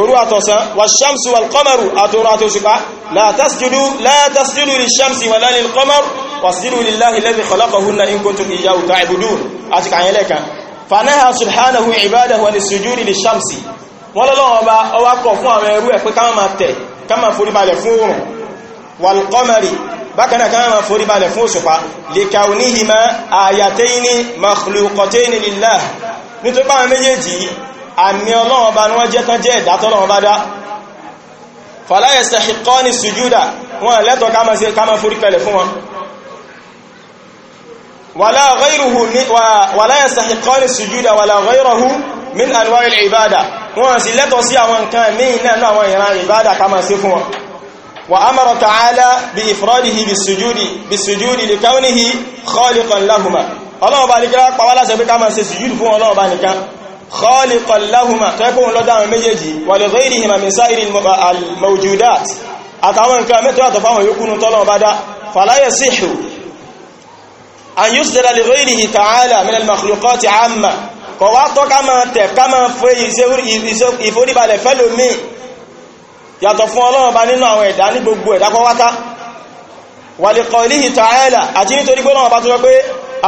òru àtọ̀sán wàṣámsù wàlkọ́mọ̀rù àtòrò àtòṣùpá látàsjúdú látàsjúdú lè ṣámsì wà láàrin kọ́mọ̀rù wàsjúdú lillahi lẹ́bí kọlákọ̀húnna in kuntum iyyahu ta'budun àti kàyẹlẹ́ka fanáhà subhanahu ibadahu wa lisujudi lè ṣámsì wọ́n lọ́wọ́ ọba ọwá kọ̀ fún àwọn ẹrú ẹ̀ pé ká máa tẹ̀ ká máa forí balẹ̀ fún oòrùn wàlkọ́mọ̀rì bákan náà ká máa forí balẹ̀ fún àmì ọlọ́wọ́n bá ní wọ́n jẹ́ tán jẹ́ ẹ̀dá tọ́lọ́wọ́n bá dá fala yastahiqqani sujuda wọn lẹ́tọ̀ ká máa forí kalẹ̀ fún wọn wala yastahiqqani sujuda wala ghayruhu min anwa'il ibada wọn sì lẹ́tọ̀ sí àwọn nǹkan míì náà àwọn ìran ìbádà ká máa sí fún wọn wa amara ta'ala nìkan pàwọ́lá sẹ́bí ká máa ṣe sujúdù fún ọlọ́wọ́ nìkan khaliqan lahuma tó ẹ́kùn lọ́dá àwọn méjèèjì wà lè rẹ̀ ìrìn àmì sáìrì al-mawjudat àtàwọn nǹkan mẹ́tọ́ àtọ̀ fáwọn yókùnù tọ́lọ̀ bá dá fala yasihu an yusdara li ghayrihi ta'ala min al-makhluqat 'amma kò wá tọ́ ká máa tẹ̀ ká máa fẹ́ ìforíbalẹ̀ fẹ́lò mí yàtọ̀ fún ọlọ́run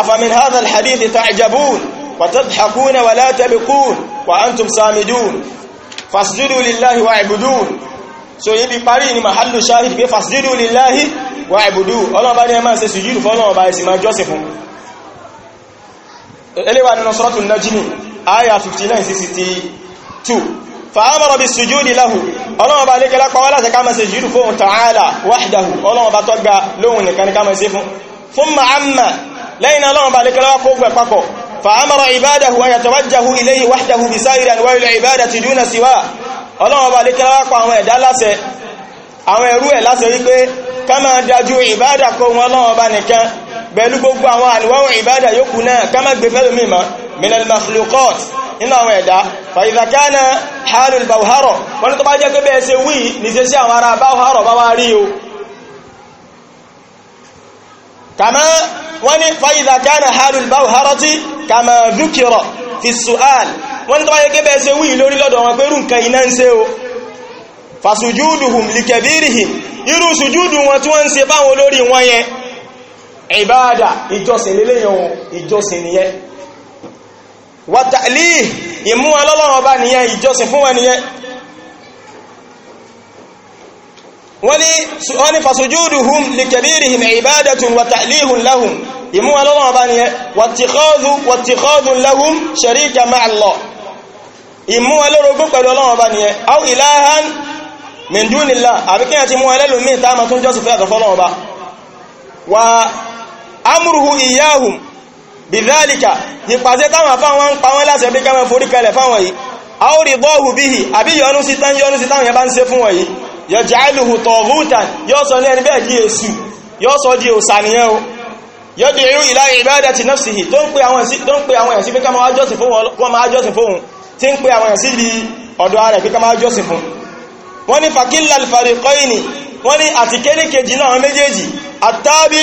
bá al-hadith وتضحكون ولا تبكون وأنتم سامدون فاسجدوا لله واعبدون so yin bi pari ni mahallu shahid bi fasjudu lillahi wa ibudu Ọlọ́run bá ní ẹ máa ṣe sujudu fo Ọlọ́run bá ẹ sì máa jọ́sìn fún elewa nínú suratul najm aya 59 sí 62 fa amara bis sujudi lahu Ọlọ́run bá lè kela pa wala ṣe ká máa ṣe sujudu fo ta'ala wahdahu Ọlọ́run bá tó ga lóhùn nìkan ká máa ṣe fún thumma amma lẹ́yìn Ọlọ́run bá lè kela wa ko gbe papọ̀ فأمر عباده أن يتوجهوا إليه وحده بسائر أنواع العبادة دون سواه ọlọ́wọ́ bá lékẹ́ lápá àwọn ẹ̀dá láṣẹ àwọn ẹrú ẹ̀ láṣẹ wípé ká máa dájú ìbádà kó wọn lọ́wọ́ bá nìkan pẹ̀lú gbogbo àwọn àníwáwọ̀ ìbádà yókù náà ká má gbé fẹ́lú mímọ̀ minal makhluqat nínú àwọn ẹ̀dá fa idha bauharo wọn tó bá jẹ́ pé bẹ́ẹ̀ ṣe wí wọ́n ní fa'idha kana halul bawharati kama dhukira fi su'al wọ́n ní tó bá yẹ kébẹ̀ ṣe wíyìn lórí lọ́dọ̀ wọn pé rú nǹkan iná ń ṣe o fasujuduhum likabirihim irú sùjúdù wọn tí wọ́n ń ṣe báwọn olórí wọn yẹn ìbáadà ìjọsìn lélẹ́yàn wọ́n ní fasujúduhum likabirihim ibadatun wa ta'lihun lahum ìmú wọn lọ́wọ́ bá nìyẹn wàtíkọ́dùn lahum sharika ma'allah ìmú wọn lórogún pẹ̀lú ọlọ́wọ́ bá nìyẹn aw ilahan min dunillah àbíkíyàn ti mú ẹlẹ́lùmí táàmà tún jọ́sù fẹ́ àtọ́fọ́lọ́wọ́ bá wa amruhu iyahum bidhalika ìpàṣẹ táwọn afáwọn ń pa wọn láti ẹbí kẹ́mẹ́ forí kalẹ̀ fáwọn yìí aw ridahu bihi àbí yọnu sí tán yọnu sí táwọn yẹn bá ń ṣe fún wọn yìí yọ jàílùhù tọ̀gútàn yóò sọ ní ẹni bẹ́ẹ̀ di èṣù yóò sọ di òsànìyàn o yóò di irú ìlà ìbádà ti nafsihi tó ń pe àwọn ẹ̀sí pé ká máa jọ́sìn fún wọn máa jọ́sìn fún òun tí ń pe àwọn ẹ̀sí bí ọ̀dọ̀ rẹ̀ pé ká máa jọ́sìn fún wọ́n ní fàkílà alfariqaini wọ́n ní àti kérékejì náà méjèèjì àtàbí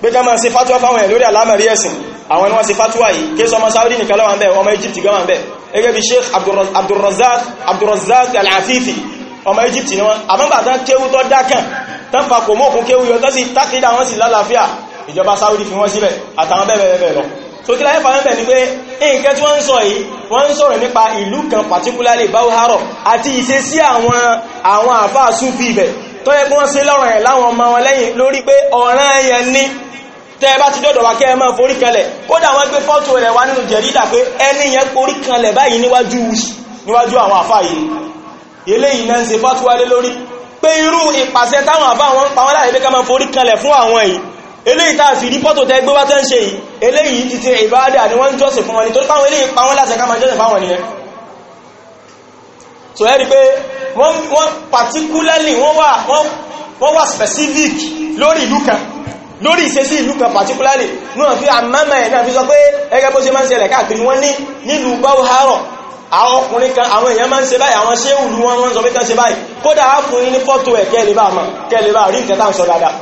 pé ká máa ṣe fatuwa fáwọn ẹ̀ lórí àlámẹ̀rí ẹ̀sìn àwọn ni wọ́n ṣe fatuwa yìí kí sọ ọmọ Saudi nìkan lọ́wọ́ bẹ́ẹ̀ ọmọ Egypt gan wọn bẹ́ẹ̀ gẹ́gẹ́ bí Sheikh Abdulrazak Abdulrazak Al-Afifi ọmọ Egypt ni wọ́n àmọ́gbà tán kéwú tó dákàn tán papọ̀ mọ́kún kéwú yọ tán sì tákìdá wọn sì lálàáfíà ìjọba Saudi fi wọ́n síbẹ̀ àtàwọn bẹ́ẹ̀ bẹ́ẹ̀ lọ so kí láyé fàyẹ́ bẹ̀ ni pé nǹkan tó yẹ kí wọ́n ṣe lọ́rọ̀ ẹ̀ láwọn ọmọ wọn lẹ́yìn lórí pé ọ̀ràn ẹ̀yẹn ní tẹ́ bá ti dọ́dọ̀ wá kẹ́ ẹ máa forí kanlẹ̀ kódà wọ́n gbé fọ́tò rẹ̀ wá nínú jẹ̀rídà pé ẹni yẹn forí kanlẹ̀ báyìí níwájú níwájú àwọn àfà yìí eléyìí náà ń ṣe fọ́tò wálé lórí pé irú ìpàṣẹ táwọn àfà wọn pa wọn láì pé ká máa forí kanlẹ̀ fún àwọn yìí eléyìí tá a sì rí fọ́tò tẹ́ gbé wá ń ṣe yìí eléyìí ti ti ìbáadà ni wọ́n ń jọ́sìn fún wọn nítorí fáwọn so ẹ pé wọ́n particularly wọ́n wà wọ́n wà specific lórí ìlú kan lórí ìṣesí ìlú kan particularly náà fi àmàmà ẹ̀ náà fi sọ pé ẹgẹ́ bó ṣe máa ń ṣẹlẹ̀ káàkiri wọ́n ní nílùú báwọ̀hárọ̀ àwọn ọkùnrin kan àwọn èèyàn máa ń ṣe báyìí àwọn ṣéhùlù wọn wọ́n sọ pé kán ṣe báyìí kódà á fún yín ní fọ́tò ẹ̀ kẹ́lẹ̀bá àmà kẹ́lẹ̀bá rí nǹkan tá ń sọ dáadáa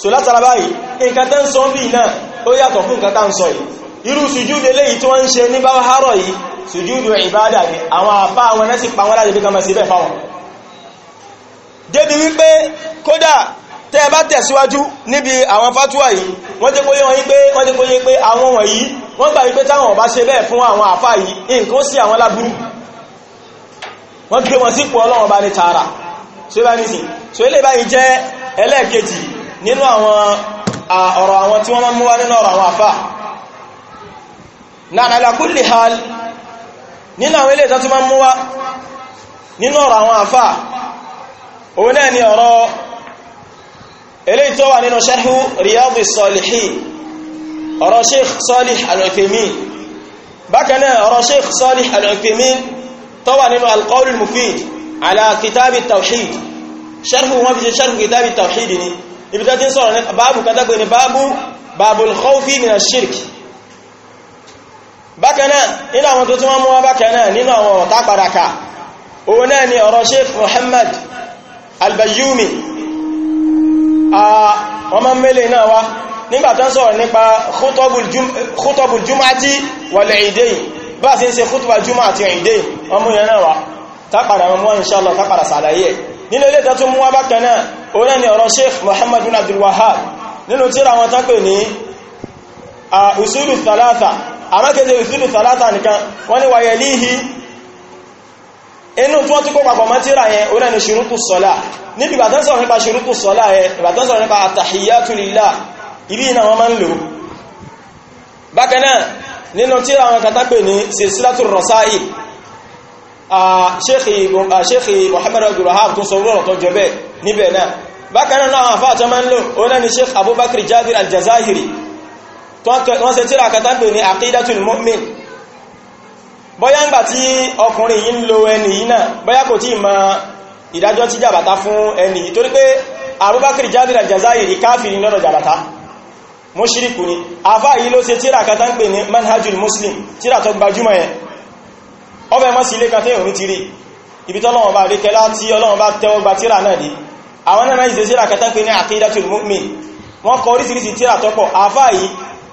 so látara báyìí nǹkan tẹ́ ń sọ bí náà ó yàtọ̀ fún nǹkan tá ń sọ irú sùjúdù eléyìí tí wọ́n ń ṣe ní bá hárọ̀ yìí sùjúdù ìbádà ni àwọn àfá àwọn ẹ̀sì pa wọ́n láti bí kama sí bẹ̀ fáwọn débi wípé kódà tẹ́ bá tẹ̀síwájú níbi àwọn fátúwà yìí wọ́n jẹ́ kóyé wọ́n pé wọ́n jẹ́ kóyé pé àwọn wọ̀nyí wọ́n gbà wípé táwọn ọba ṣe bẹ́ẹ̀ fún àwọn àfá yìí nǹkan sí àwọn lábúrú nínú àwọn ọ̀rọ̀ àwọn tí wọ́n mọ́ wá nínú ọ̀rọ̀ àwọn àfáà na ala kulli hal nínú àwọn ilé ìtọ́tí ma ń mú wá nínú ọ̀rọ̀ àwọn àfà òun náà ni ọ̀rọ̀ ilé tó wà nínú sharhu riyadu salihin ọ̀rọ̀ sheikh salih al-uthaymin bákan náà ọ̀rọ̀ sheikh salih al-uthaymin tó wà nínú al-qawl mufid ala kitabi tawhid sharhu wọn fi ṣe sharhu kitabi tawhid ni ibi tó ti ń sọ̀rọ̀ ní báàbù kátàgbé ni báàbù báàbù khawfi min ash-shirk bákanáà nínú àwọn tó tún wọ́n mú wá bákanáà nínú àwọn ọ̀tá padàkà òun náà ni ọ̀rọ̀ sheikh muhammad albayyumi ọmọ mẹ́lẹ̀ náà wá nígbàtán sọ̀rọ̀ nípa khutobul jumati wàlẹ̀ ìdẹ́yìn bá sí ń ṣe khutobul jumati ìdẹ́yìn ọmọ yẹn náà wá tápàdà mọ́ inṣálọ̀ tápàdà sàlàyé nínú ilé tẹ́tún mú wá bákanáà òun náà ni ọ̀rọ̀ sheikh muhammad bin abdul wahab nínú wọn tán pè ní usulu thalatha arákẹ́jẹ́ ìsúlù sàlátà nìkan wọ́n ni wàyẹ̀ líhi inú tí wọ́n tí kó papọ̀ mọ́ tíra yẹn orí ẹni ṣirúkù sọ́lá níbi ìbàtánsọ̀rọ̀ nípa ṣirúkù sọ́lá yẹn ìbàtánsọ̀rọ̀ nípa àtàhíyátùlìlá ibi iná wọn máa ń lò bákan náà nínú tíra wọn katápè ní silsilatu rọ̀sáì ṣéèkì Muhammad abdulhab tó sọ rọrọ̀ tó jọ bẹ́ẹ̀ níbẹ̀ náà bákan náà àwọn àfáà tó máa ń lò orí ẹni ṣéèkì Abubakar Jabir al-Jazahiri wọ́n ṣe tíra kàtà pè ní àkídàtùl mu'min bọ́yá ń gbà tí ọkùnrin yìí ń lo ẹni yìí náà bọ́yá kò tí ma ìdájọ́ tí jàbàtà fún ẹni yìí torí pé Abubakar Jadir al-Jazairi káfìrí lọ́dọ̀ jàbàtà mushriku ni afá yìí ló ṣe tíra kàtà ní manhajul muslim tíra tó gbajúmọ̀ yẹn ọbẹ̀ mọ́ sí ilé kan tẹ́yìn orin tiri ibi tọ́lọ́wọ́n bá rí kẹlá tí Ọlọ́run bá tẹ́wọ́ gba tíra náà dé àwọn náà náà ìṣe tíra kàtà wọ́n kọ oríṣiríṣi tíra tọ́pọ̀ afá yìí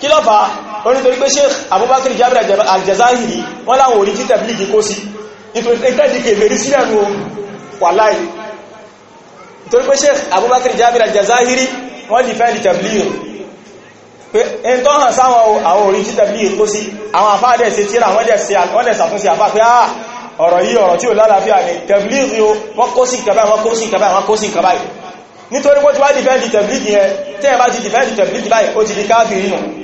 kí ló fà ó nítorí pé Sheikh Abubakar Jabir al-Jazahiri wọ́n láwọn orí títẹ̀ bílìkì kó sí nítorí tẹ́jìkì èmèrí sílẹ̀ nù wàláì nítorí pé Sheikh Abubakar jazahiri wọ́n dìfẹ́ndì tẹ̀blìrì pé ẹni tó hàn sáwọn àwọn orí títẹ̀ bílìkì kó sí àwọn àfáàdẹ̀ sí tíra wọ́n dẹ̀ sàtúnṣe àfáà pé áà ah, ọ̀rọ̀ yìí ọ̀rọ̀ tí ó lálàáfíà ní tẹ̀blìrì o wọ́n kó sí kàbáyì wọ́n kó sí kàbáyì wọ́n kó sí kàbáyì nítorí wọ́n ti wá dìfẹ́ndì tẹ̀blìrì yẹn tẹ́ẹ̀ bá ti dìfẹ́ndì tẹ̀blìrì báyìí ó ti di káàfì nínú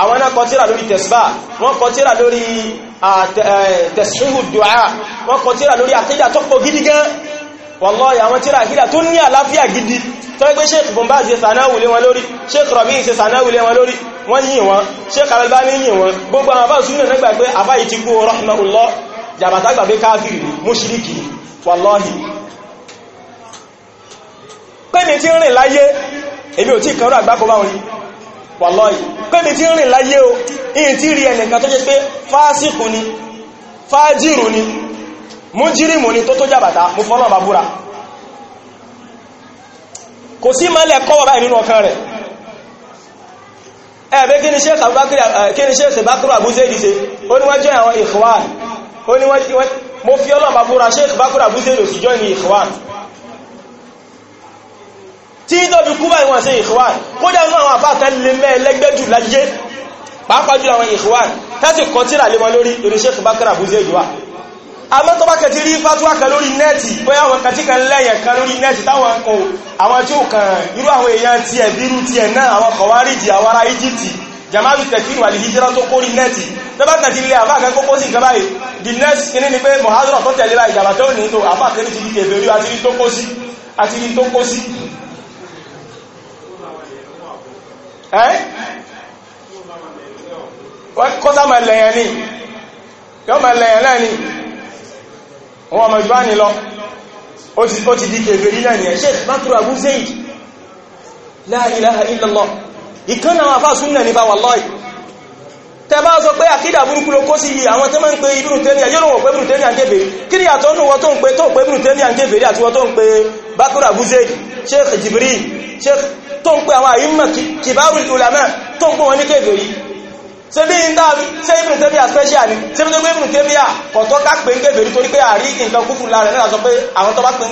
àwọn náà kọ tírà lórí tẹ̀sbà wọ́n kọ tírà lórí tẹ̀síhù dùá wọ́n kọ tírà lórí àkídà tó pọ̀ gidi gan wallahi àwọn tírà àkídà tó ní àlàáfíà gidi tó ẹgbẹ́ sheikh bombaz ṣe sànáwùlé wọn lórí sheikh rabi ṣe sànáwùlé wọn lórí wọ́n yìn wọn sheikh alalbani yìn wọn gbogbo àwọn àbáṣú náà nígbà pé àbáyì ti kú rahmanullah jàbàtà gbàgbé káfìrì mushriki wallahi pé mi wàlọ́yì pẹ́mi tí ń rìn láyé o in tí rí ẹnìkan tó jẹ́ pé fásikù ni fájìrù ni mújírìmù ni tó tó jàbàtà mú fọ́nà bàbúra kò sí mẹ́lẹ̀ kọ́wọ́ báyìí nínú ọkàn rẹ̀ ẹ̀bẹ́ kí ni Sheikh Bakr Abu Zaid ṣe ó ní wọ́n jẹ́ àwọn Ikhwan ó ní wọ́n mo fi ọlọ́mà tí tọ́bi kú báyìí wọ́n ṣe ìṣúwàn kódà nínú àwọn àfáà tán lè mẹ́ ẹlẹ́gbẹ́ jù láyé pàápàá jùlọ àwọn ìṣúwàn tẹ́sì kan tíra lé wọn lórí irinṣẹ́ kìbákàrà bú zéèdù wa àmọ́ tó bá kẹtí rí fátúwà kan lórí nẹ́ẹ̀tì bóyá àwọn kan tí kan lẹ́yìn kan lórí nẹ́ẹ̀tì táwọn kan àwọn tí ó kàn irú àwọn èèyàn tiẹ̀ bírú tiẹ̀ náà àwọn kọ̀wárìjì àwọn ará íjíìtì jamaatu tẹ̀fíìrù àlìhíjírá tó kórí nẹ́ẹ̀tì tó bá kẹtí lé àfáà kan kókó sí nǹkan báyìí the next kìíní ni pé mohadra tó tẹ̀lé báyìí jàbá tó ní tó àfáà kan ti di kèfèrí àti rí tó kó sí ẹ́ kọ́sá ma lẹ̀yàn ní yọ́ ma lẹ̀yàn náà ní wọn ọmọ ìjọba ní lọ ó ti di kèfèrí náà ní ẹ̀ ṣe látúrò àbú zaid la ilaha illallah ìkan súnnà ní bá wallahi tẹbá sọ pé àkídà burúkú ló kó sí iye àwọn tó mẹ́ ń pe Ibn Taymiyyah yóò wọ̀n pé Ibn Taymiyyah àgébèrè kí ni àtọ́ nù wọ́n tó ń pe tó ń pe Ibn Taymiyyah àgébèrè àti wọ́n tó ń pe Bakr Abu Zayd Sheikh tó ń pe àwọn àyímọ̀ kibarul ulama tó ń pè wọn ní kèfèrí ṣe special ni ṣe bí tó pé Ibn Taymiyyah kọ̀tọ́ ká pé ń kèfèrí torí pé àrí nǹkan kúkú lára náà sọ pé àwọn tó bá pé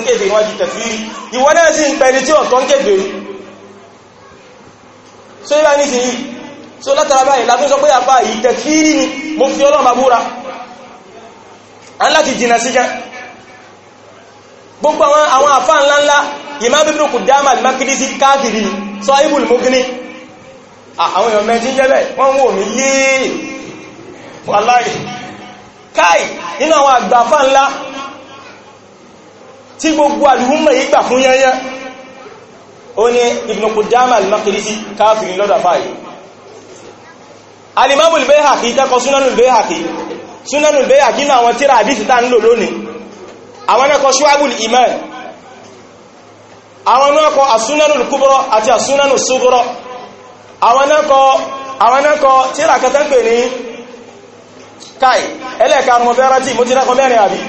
so látara báyìí látún sọ pé àpá yìí tẹ̀kírí ni mo fi ọlọ́mà búra a ń láti jìnà sí jẹ́ gbogbo àwọn àfá ńláńlá ìmá bíbí kù dáàmà ìmákìdí sí káàkiri ni sọ ibùl mọ́gíní àwọn èèyàn mẹ́jì jẹ́bẹ̀ wọ́n wò mí yìí wàláì káì alimamul Bayhaqi tẹ́kọ sunanul Bayhaqi sunanul Bayhaqi náà àwọn tíra àdísì tá ń lò lónìí àwọn ẹkọ ṣúwábùl iman àwọn ẹkọ asunanul kubra àti asunanul sughra àwọn ẹkọ tíra kẹta pè ní kai ẹlẹ́ẹ̀karùn-ún fẹ́ rántí mo ti rẹ́kọ mẹ́rin àbí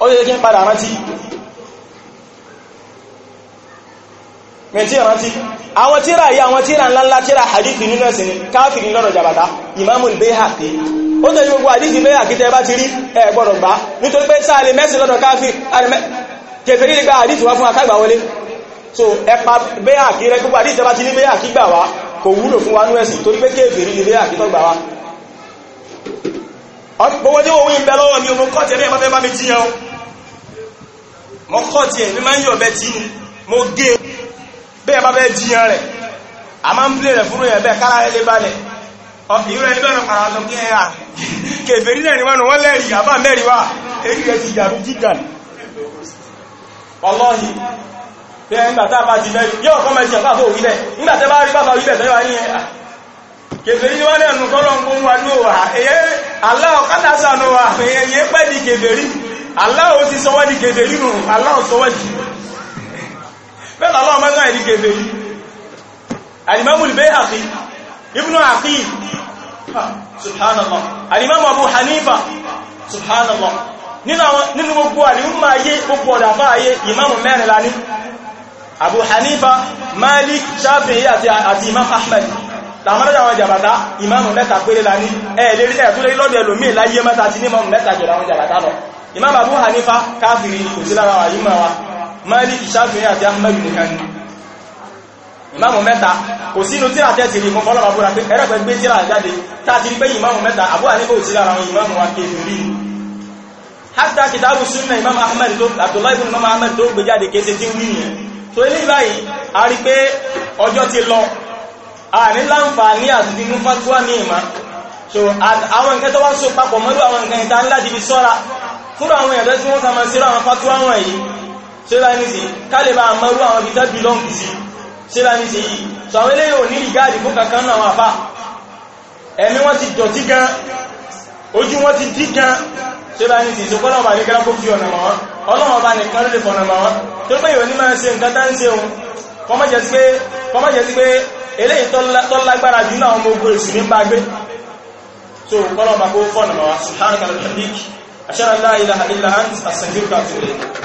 ó yẹ kí n padà mẹ́tí ìrántí àwọn tíra yìí àwọn tíra ńláńlá tíra hadithi nínú ẹ̀sìn káfìrí lọ́rọ̀ jàbàtà Imamul Bayhaqi ó tẹ́ gbogbo hadithi Bayhaqi tẹ́ bá ti rí ẹ gbọ́dọ̀ gbá nítorí pé sáà lè mẹ́sìn lọ́dọ̀ káfìrí so ẹpa Bayhaqi rẹ gbogbo hadithi tẹ́ bá ti ní wa nú ẹ̀sìn torí pé kèfèrí ní Bayhaqi tó gbà wá gbogbo tí òun ìbẹ̀ lọ́wọ́ mi mo kọ́tì máa ń yọ̀ bẹ́ tí mo gé e. bẹ́ẹ̀ bá bẹ́ẹ̀ jiyàn rẹ̀ a máa ń blé rẹ̀ fún yẹn bẹ́ẹ̀ kára ẹlẹ́ balẹ̀ ìrọ̀ ẹni bẹ́ẹ̀ pàrà sọ pé ẹ̀yà kèfèrí náà ni wọ́n lẹ́rìí àbá mẹ́rìí wá èyí rẹ̀ ti yàrú jígàn ọlọ́hìn bẹ́ẹ̀ nígbà tá a bá mẹ́rìí yóò nígbà tẹ́ bá rí bàbá ni wọ́n wa èyẹ èyẹ di ti di nù bẹ́ẹ̀ lọ́wọ́ mẹ́ta ẹ̀dí gẹ̀ẹ́fẹ́ yìí alimamul bayhaqi ibnu aqil subhanallah alimamu abu hanifa subhanallah nínú gbogbo alimumma ayé gbogbo ọ̀dàfà ayé imamu mẹ́rin lani abu hanifa malik shafi'i àti imam ahmed tàmàlẹ́jà àwọn jàbàtá ìmáàmù mẹ́ta péré la ní ẹ̀ẹ̀lérí ẹ̀túnlẹ̀ lọ́dọ̀ ẹlòmí láyé mẹ́ta ti ní ìmáàmù mẹ́ta jọ̀rọ̀ àwọn jàbàtá lọ Abu Hanifa káàfìrí kò sí lára wà yíma wa malik shafi'i àti ahmed nìkan ni ìmáàmù mẹ́ta kò sínú tíra tẹ́tì rí mọ́ fọ́lọ́pàá búra pé ẹ̀rẹ́pẹ̀ gbé tíra jáde táti rí pé ìmáàmù mẹ́ta àbúrà nípa òtíra ara wọn ìmáàmù wa kèfèrí ni hatta kìtàbù súnmọ̀ ìmáàmù ahmed tó abdullahi ibn imam ahmed tó gbé jáde kése tí wí nìyẹn tó ilé báyìí a rí pé ọjọ́ ti lọ a ní láǹfààní àti nínú fatuwa ní ìmá so àwọn nǹkan tó wá so papọ̀ mọ́lú àwọn nǹkan ìta ńlá ti fi sọ́ra fúnra àwọn ẹ̀dọ́ tí wọ́n ta máa síra àwọn fatuwa wọn ṣé bá ní sí kálé bá mọ́rú àwọn ibi tẹ́bí lọ́nkù sí ṣé bá ní sí yìí sọ àwọn eléyìí ò ní ìgáàdì fún kankan náà wà fà ẹ̀mí wọ́n ti dọ̀tí gan ojú wọ́n ti dí gan ṣé bá ní sí ìṣòkọ́ náà wà ní gẹ́gẹ́ kó fi ọ̀nà mọ́ ọlọ́wọ́n bá nìkan ló lè fọ̀nà mọ́ tó pé ìwọ ní máa ṣe nǹkan tá ń ṣe òun kọ́mọ́jẹ́ sí pé kọ́mọ́jẹ́ sí pé eléyìí tó lágbára jù náà ọmọ ogun èsì ní bá gbé so kọ́lọ̀ bá kó fọ́nà mọ́ wa subhanahu wa ta'ala ashara la ilaha illa anta